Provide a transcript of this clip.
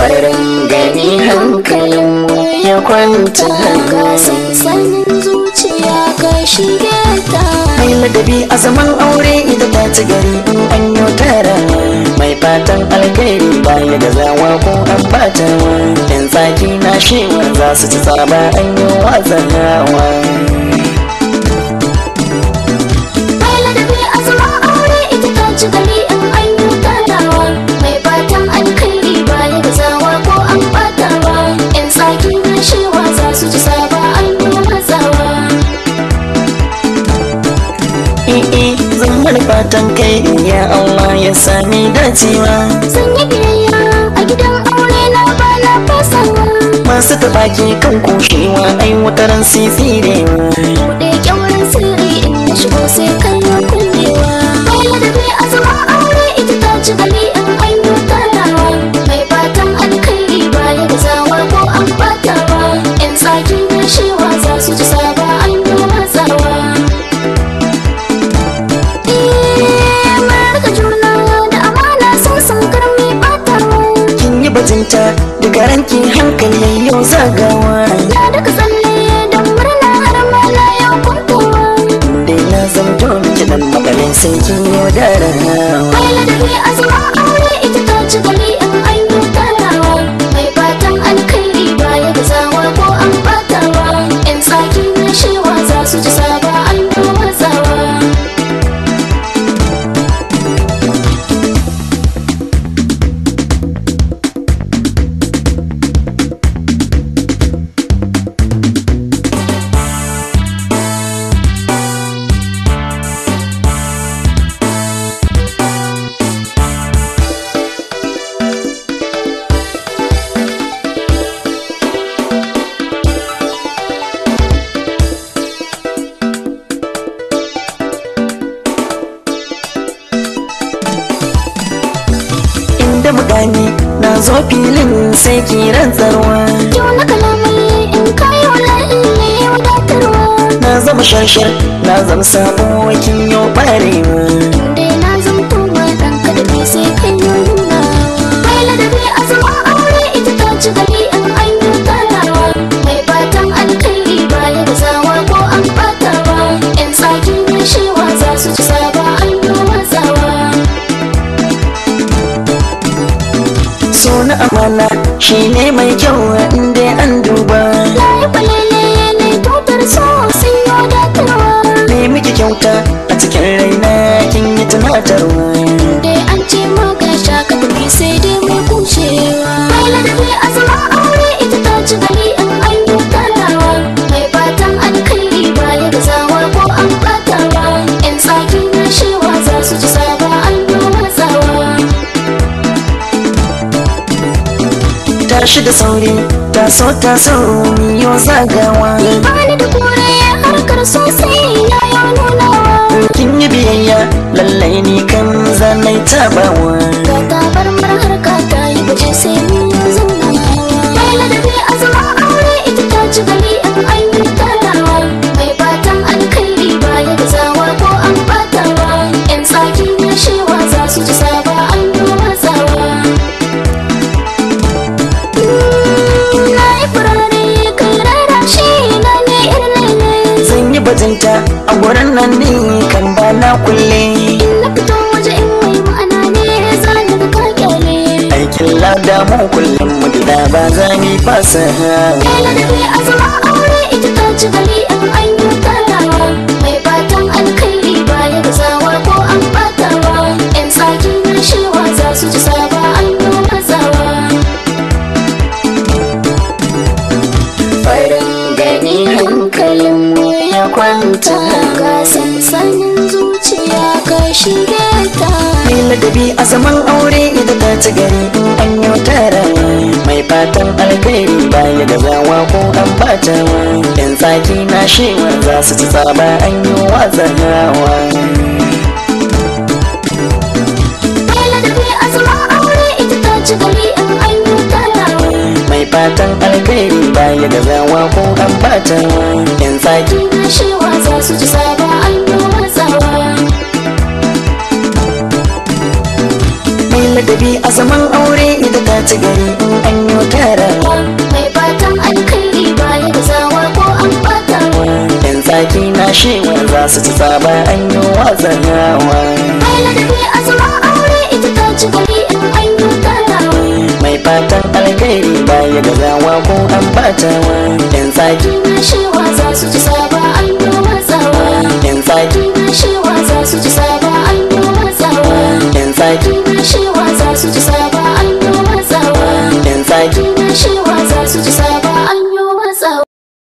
farin gani hankalin ya kwanta sanin zuciya ga shige ta mai ladabi a zaman aure ita ta ci gari in an tara mai fatan alkairi baya da zawa ko an bata yan tsaki na shewar za su ci zaba an yi wa zanawa fatan kai ya Allah ya sami dacewa sanya biyayya a gidan aure na bana fasawa masu tabaki kan kushewa ai wataran sai tsirewa kuɗe kyawun sirri in shigo sai kallon kullewa kai ladabi a zaman aure ita ta ci gani ta daga ranki hankali yau zagawa da mukami na zo filin sai ki rantsarwa yau na kalamai in kai wallahi wadatarwa na zama shashar na zama sabo kin yau barewa sona amana shi ne mai kyau inda an duba ya yi kwalele ne tutar so sai da datarwa ne miki kyauta a cikin raina kin yi tunatarwa tashi da sauri taso taso yo zagawa bani da kore ya harkar sosai ya yi nuna. nunawa kin yi biyayya lallai ni kan zanai tabawa ga bar mar harka ta yi baje sai zan na zauna mai ladabi a zaman aure ita ta ci gari Tilla da mu kullum mu gida ba za mu fasa ha. Kela da kai azra aure ita ta ci gari in an Mai fatan alkhairi ba ya gazawa ko an batawa. Yan tsakin shewa za su ji saba an yi matsawa. Farin gani hankalin mu. ya kwanta ga sansanin zuciya ka shige ta ladabi a zaman aure idan ta ci gari in an tara mai fatan alkhairi baya gazawa ko an bata yan tsaki na shewa za su ci tsaba an yi wazanawa mai fatan alheri baya da zawa ko an yan tsaki shewa za su ji tsada an yi matsawa mai ladabi a zaman aure ita ta ci gari in an yi tara mai fatan alkhairi ya ga zawa ko an bata yan tsaki na shewa za su ci tsaba an yi watsanawa mai ladabi a zaman aure ita ta ci gari in an yi tara mai fatan alheri baya zawa ko ambatawa yan tsaki na shewa za su ci sabon al'umma tsawa yan tsaki na shewa